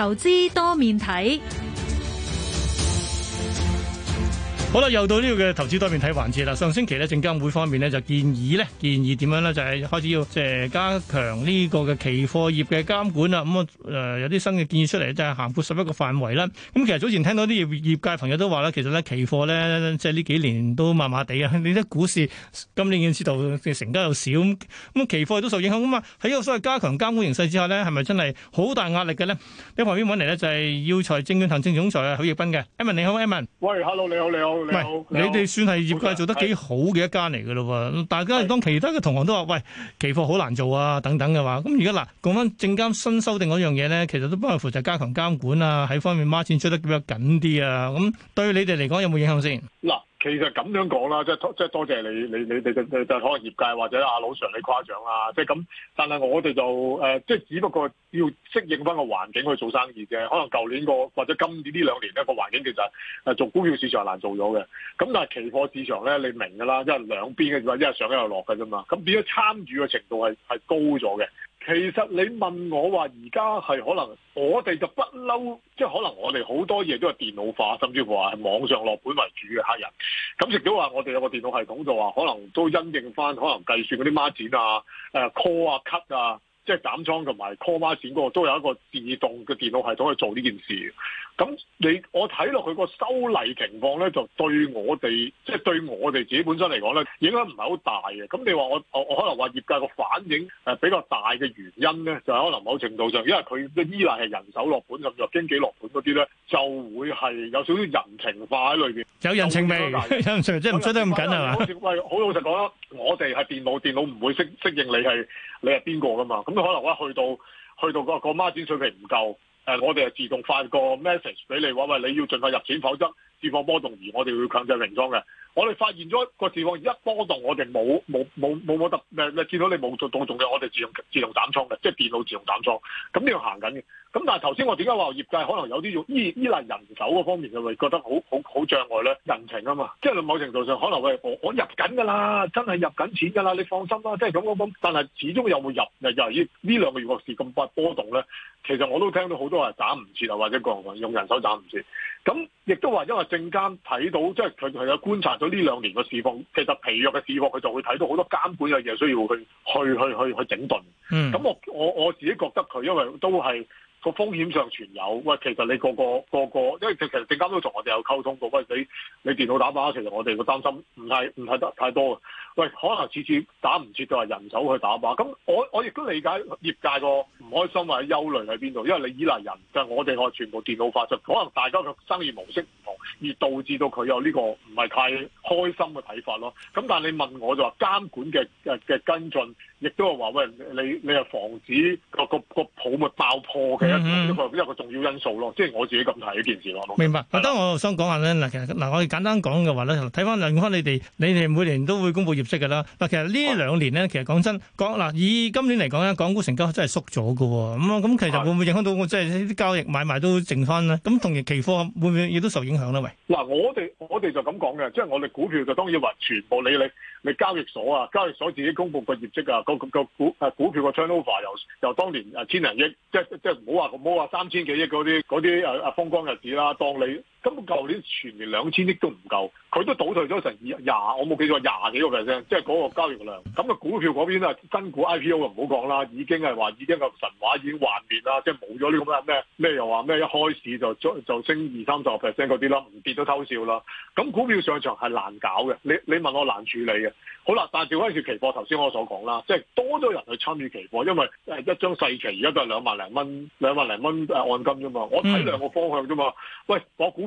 投資多面睇。好啦，又到呢個嘅投資多面睇環節啦。上星期咧，證監會方面咧就建議咧，建議點樣咧，就係、是、開始要即係加強呢個嘅期貨業嘅監管啦。咁、嗯、啊，誒、呃、有啲新嘅建議出嚟，就係涵括十一個範圍啦。咁、嗯、其實早前聽到啲業業界朋友都話啦，其實咧期貨咧，即係呢幾年都麻麻地啊。你啲股市今年市道成交又少，咁、嗯、期貨都受影響咁嘛。喺、嗯、呢個所謂加強監管形勢之下咧，係咪真係好大壓力嘅咧？喺旁邊揾嚟咧，就係耀才證券行政總裁啊許繹彬嘅。Emily 你好 Emily。喂，Hello，你好，你好。唔係，你哋算係業界做得幾好嘅一家嚟嘅咯喎，是大家當其他嘅同行都話喂，期貨好難做啊等等嘅話，咁而家嗱講翻證監新修訂嗰樣嘢咧，其實都無外乎就加強監管啊，喺方面孖展出得比較緊啲啊，咁對你哋嚟講有冇影響先？嗱。其實咁樣講啦，即係，即係多謝你，你你你就可能業界或者阿老常你誇獎啦，即係咁。但係我哋就誒，即、呃、係只不過要適應翻個環境去做生意啫。可能舊年個，或者今年呢兩年咧，個環境其實做股票市場難做咗嘅。咁但係期貨市場咧，你明㗎啦，因為兩邊嘅話，或一係上，一係落㗎啫嘛。咁變咗參與嘅程度係，係高咗嘅。其實你問我話而家係可能我哋就不嬲，即係可能我哋好多嘢都係電腦化，甚至乎係網上落盤為主嘅客人。咁亦都話我哋有個電腦系統就話，可能都因應翻可能計算嗰啲孖展啊、call 啊、cut 啊。即係斬倉同埋 call 孖展嗰個都有一個自動嘅電腦系統去做呢件事。咁你我睇落佢個修例情況咧，就對我哋即係對我哋自己本身嚟講咧，影響唔係好大嘅。咁你話我我我可能話業界個反應誒比較大嘅原因咧，就係、是、可能某程度上，因為佢嘅依賴係人手落盤同入經紀落盤嗰啲咧，就會係有少少人情化喺裏邊，有人情味，有 即係唔使得咁緊啊嘛。好似喂，好老實講，我哋係電腦，電腦唔會適應你係你係邊個噶嘛。咁、嗯、可能咧，我去到去到、個個孖展水平唔夠誒，我哋係自動發個 message 俾你話：喂，你要盡快入錢，否則。市況波動而我哋會強制平倉嘅。我哋發現咗個市況一波動我，我哋冇冇冇冇冇得，誒誒、呃，見到你冇做到，仲要我哋自動自動斬倉嘅，即係電腦自動斬倉。咁呢樣行緊嘅。咁但係頭先我點解話業界可能有啲要依依賴人手嗰方面就嘅，覺得好好好障礙咧，人情啊嘛。即係某程度上可能會我我入緊㗎啦，真係入緊錢㗎啦，你放心啦。即係咁咁咁。但係始終有冇入？又又呢呢兩個月個市咁快波動咧，其實我都聽到好多人斬唔切啊，或者講用人手斬唔切。咁亦都話因為。證監睇到，即係佢係有觀察到呢兩年嘅市況，其實疲弱嘅市況，佢就會睇到好多監管嘅嘢需要去去去去去整頓。咁、嗯、我我我自己覺得佢，因為都係個風險上存有。喂，其實你個個個個，因為其實證監都同我哋有溝通過。喂，你你電腦打靶，其實我哋個擔心，唔係唔係得太多嘅。喂，可能次次打唔切就係人手去打靶。咁我我亦都理解業界個唔開心或者憂慮喺邊度，因為你依賴人，就係、是、我哋我全部電腦發出，可能大家嘅生意模式。而導致到佢有呢個，唔係太開心嘅睇法咯，咁但係你問我就話監管嘅嘅嘅跟進，亦都係話喂，你你係防止、那個、那個泡沫爆破嘅一個一個重要因素咯，即、就、係、是、我自己咁睇呢件事咯。明白。嗱了，當我想講下咧，嗱其實嗱我哋簡單講嘅話咧，睇翻兩番你哋你哋每年都會公布業績㗎啦。嗱其實呢兩年咧，其實講、啊、真，嗱以今年嚟講咧，港股成交真係縮咗㗎喎。咁、嗯、咁，其實會唔會影響到我？的即係啲交易買賣都剩翻咧？咁同埋期貨會唔會亦都受影響咧？喂。嗱，我哋我哋就咁講嘅，即係我哋。股票就當然話全部你你你交易所啊，交易所自己公布個業績啊，個個股誒股票個 turnover 由由當年誒千零億，即係即係唔好話唔好話三千幾億嗰啲嗰啲誒誒風光日子啦，當你。咁舊年全年兩千億都唔夠，佢都倒退咗成二廿，我冇記錯廿幾個 percent，即係嗰個交易量。咁啊股票嗰邊啊新股 IPO 唔好講啦，已經係話已經個神話已經幻滅啦，即係冇咗呢個咩咩又話咩一開始就就升二三十 percent 嗰啲啦，唔跌都偷笑啦。咁股票上場係難搞嘅，你你問我難處理嘅。好啦，但係調翻期貨，頭先我所講啦，即係多咗人去參與期貨，因為一張細期而家都係兩萬零蚊，兩萬零蚊按金啫嘛，我睇兩個方向啫嘛。喂，我估。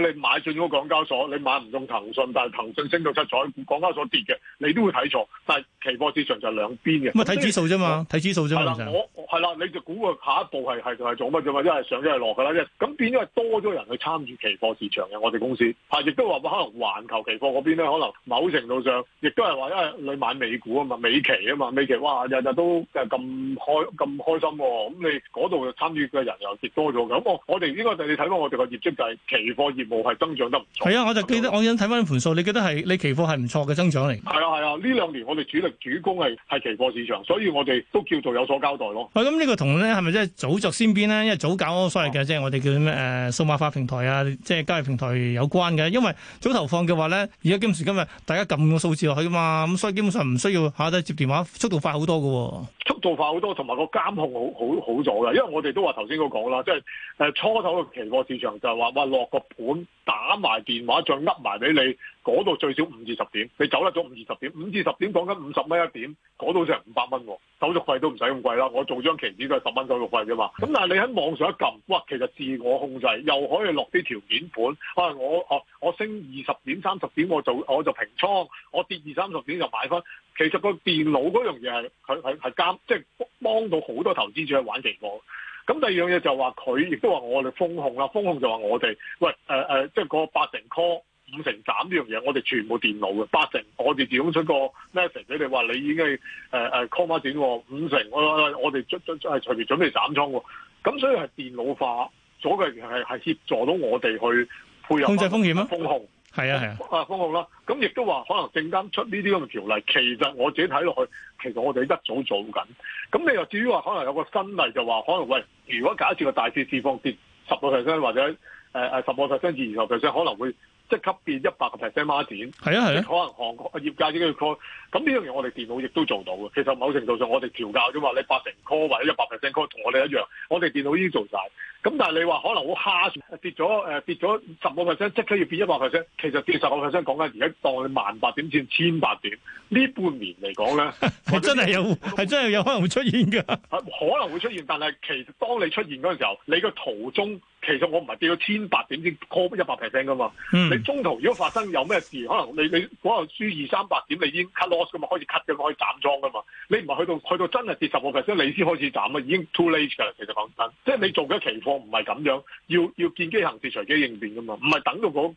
你買進咗個港交所，你買唔中騰訊，但係騰訊升到七彩，港交所跌嘅，你都會睇錯。但係期貨市場就兩邊嘅。咁啊睇指數啫嘛，睇指數啫嘛。係啦，我係啦的，你就估佢下一步係係係做乜啫嘛？一係上一係落㗎啦。咁變咗係多咗人去參與期貨市場嘅。我哋公司啊，亦都話可能環球期貨嗰邊咧，可能某程度上亦都係話，因為、哎、你買美股啊嘛，美期啊嘛，美期哇日日都咁開咁開心喎。咁你嗰度參與嘅人又跌多咗。咁我哋應該就你睇翻我哋嘅業績，就係期貨業。業務係增長得唔錯，係啊！我就記得、嗯、我已經睇翻盤數，你記得係你期貨係唔錯嘅增長嚟。係啊係啊，呢兩、啊、年我哋主力主攻係係期貨市場，所以我哋都叫做有所交代咯。咁、啊，個呢個同咧係咪即係早著先邊咧？因為早搞所以嘅，即係、嗯啊就是、我哋叫咩誒數碼化平台啊，即、就、係、是、交易平台有關嘅。因為早投放嘅話咧，而家今時今日大家撳個數字落去嘛，咁所以基本上唔需要下低、啊、接電話，速度快好多㗎喎、哦。速度快好多，同埋個監控好好好咗嘅，因為我哋都話頭先佢講啦，即係誒初頭嘅期貨市場就係話，落個盤打埋電話再噏埋俾你，嗰度最少五至十點，你走甩咗五至十點，五至十點講緊五十蚊一點。攞到成五百蚊喎，手續費都唔使咁貴啦。我做張期指都係十蚊手續費啫嘛。咁但係你喺網上一撳，哇，其實自我控制又可以落啲條件盤。啊，我我我升二十點三十點，點我就我就平倉，我跌二三十點就買翻。其實個電腦嗰樣嘢係佢佢係監，即係幫到好多投資者去玩期貨。咁第二樣嘢就話佢亦都話我哋風控啦，風控就話我哋，喂誒誒，即係嗰八成 call。五成斬呢樣嘢，我哋全部電腦嘅八成，我哋自己出個 message 畀你話你已經係誒誒 call 孖展剪五成，呃、我我哋係隨便準備斬倉喎。咁所以係電腦化，咗嘅係係協助到我哋去配合控制風險啊，風控係啊，係啊，風、啊、控啦。咁亦都話可能正啱出呢啲咁嘅條例，其實我自己睇落去，其實我哋一早做緊。咁你又至於話可能有個新例就話，可能喂，如果假設個大市市況跌十個 percent 或者誒誒十個 percent 至二十 percent 可能會。即係級變一百個 percent margin，係啊、係啊、可能行業界應該要 call。咁呢樣嘢我哋電腦亦都做到嘅。其實某程度上我哋調教啫嘛，你八成 call 或者一百 percent call 同我哋一樣，我哋電腦已經做晒。咁但係你話可能好蝦、呃，跌咗誒跌咗十個 percent，即刻要變一百 percent。其實跌十個 percent 講緊而家當你萬八點至千八點呢半年嚟講咧，我 真係有係 真係有可能會出現㗎， 可能會出現。但係其實當你出現嗰陣時候，你個途中。其實我唔係跌到千八點先 call 一百 percent 噶嘛，嗯、你中途如果發生有咩事，可能你你可能輸二三百點，你已經 cut loss 㗎嘛，開始 cut 嘅，可以斬倉噶嘛。你唔係去到去到真係跌十個 percent，你先開始斬嘛，已經 too late 㗎啦。其實講真，即係你做嘅期貨唔係咁樣，要要見機行事、隨機應變噶嘛，唔係等到嗰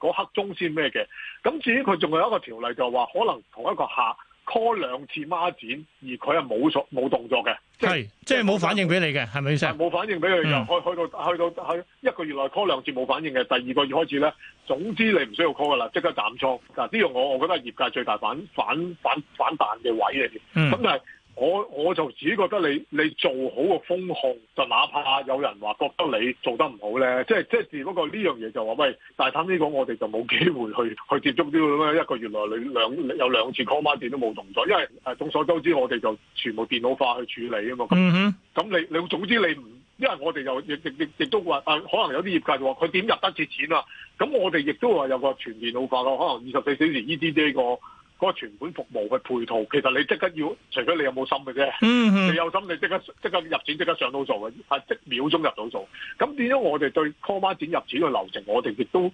嗰刻鐘先咩嘅。咁至於佢仲有一個條例就係話，可能同一個客。call 兩次孖展，而佢係冇冇動作嘅，即係即係冇反應俾你嘅，係咪先？冇反應俾佢又去去到去到去一個月內 call 兩次冇反應嘅，第二個月開始咧，總之你唔需要 call 噶啦，即刻斬倉嗱，呢個我我覺得係業界最大反反反反彈嘅位嚟嘅，咁、嗯、但係。我我就自己覺得你你做好個風控，就哪怕有人話覺得你做得唔好咧，即係即係，只不過呢樣嘢就話喂，大貪呢個我哋就冇機會去去接觸呢、這、咁、個、一個月內你兩有兩次 call 孖展都冇動作，因為誒眾、呃、所周知我哋就全部電腦化去處理啊嘛，咁你你總之你唔，因為我哋又亦亦亦亦都話啊，可能有啲業界就話佢點入得切錢啊，咁我哋亦都話有個全電腦化咯，可能二十四小時依啲呢個。嗰個存款服務嘅配套，其實你即刻要，除非你有冇心嘅啫。 你有心你，你即刻即刻入錢，即刻上到數嘅，係即秒鐘入到數。咁變咗，我哋對 call 孖展入錢嘅流程，我哋亦都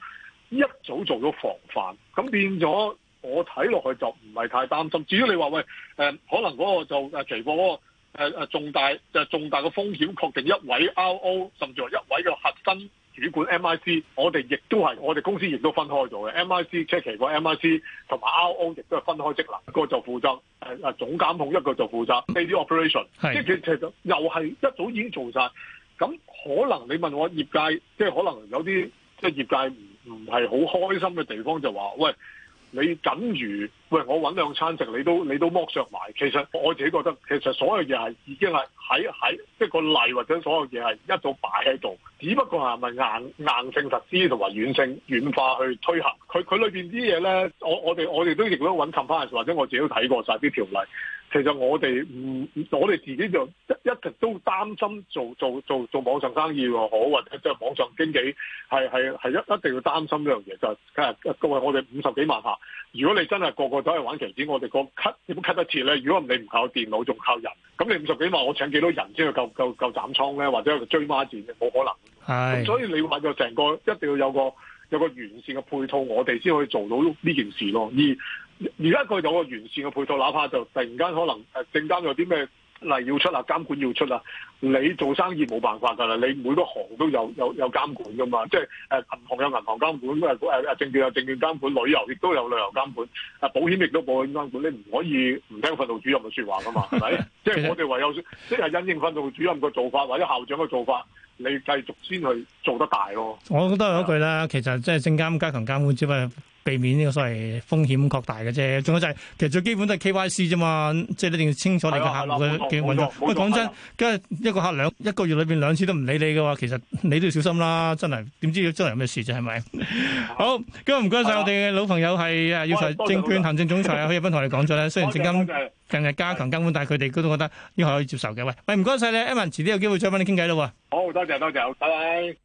一早做咗防範。咁變咗，我睇落去就唔係太擔心。至於你話喂，誒可能嗰個就誒期貨嗰個誒重大就係、重大嘅風險，確定一位 RO，甚至係一位嘅核心。主管 MIC，我哋亦都係，我哋公司亦都分開咗嘅。MIC check 其個 MIC 同埋 RO 亦都係分開職能，那個、就負責總監控一個就負責誒誒總監控，一個的就負責呢啲 operation。即係其實又係一早已經做晒。咁可能你問我業界，即、就、係、是、可能有啲即係業界唔唔係好開心嘅地方就，就話喂。你等於喂，我揾兩餐食，你都你都剝削埋。其實我自己覺得，其實所有嘢係已經係喺喺即個例或者所有嘢係一早擺喺度，只不過係咪硬硬性實施同埋軟性軟化去推行？佢佢裏面啲嘢咧，我我哋我哋都亦都揾 compliance 返，或者我自己都睇過晒啲條例。其實我哋唔，我哋自己就一一直都擔心做做做做網上生意，好或者即係網上經紀，係係係一一定要擔心呢樣嘢就是，誒各位我哋五十幾萬下，如果你真係個個都係玩期指，我哋個 cut 點樣 cut 得切咧？如果你唔靠電腦，仲靠人，咁你五十幾萬，我請幾多人先去夠夠夠斬倉咧？或者追孖展嘅，冇可能。係是，所以你要搵咗成個一定要有個。有個完善嘅配套，我哋先可以做到呢件事咯。而而家佢有個完善嘅配套，哪怕就突然間可能誒證監有啲咩？嗱，要出啦，監管要出啦。你做生意冇辦法㗎啦，你每個行都有有有監管㗎嘛。即係誒銀行有銀行監管，因誒誒證券有證券監管，旅遊亦都有旅遊監管，保險亦都保險監管。你唔可以唔聽訓導主任嘅說話㗎嘛？係咪？ 即係我哋唯有即係因應訓導主任嘅做法或者校長嘅做法，你繼續先去做得大咯、哦。我覺得有一句啦，的其實即係證監加強監管之外。避免呢個所謂風險擴大嘅啫，仲有就係其實最基本都係 KYC 啫嘛，即係一定要清楚你個客戶嘅嘅運作。喂，講真，因為一個客兩一個月裏面兩次都唔理你嘅話，其實你都要小心啦，真係點知要真係有咩事啫？係咪？好，咁啊，唔該晒我哋老朋友係耀才證券行政總裁許繹彬同你講咗呢，雖然證監近日加強監管，但係佢哋都覺得呢個可以接受嘅。喂喂，唔該晒你，Evan 遲啲有機會再揾你傾偈啦。喎，好多謝多謝，拜拜。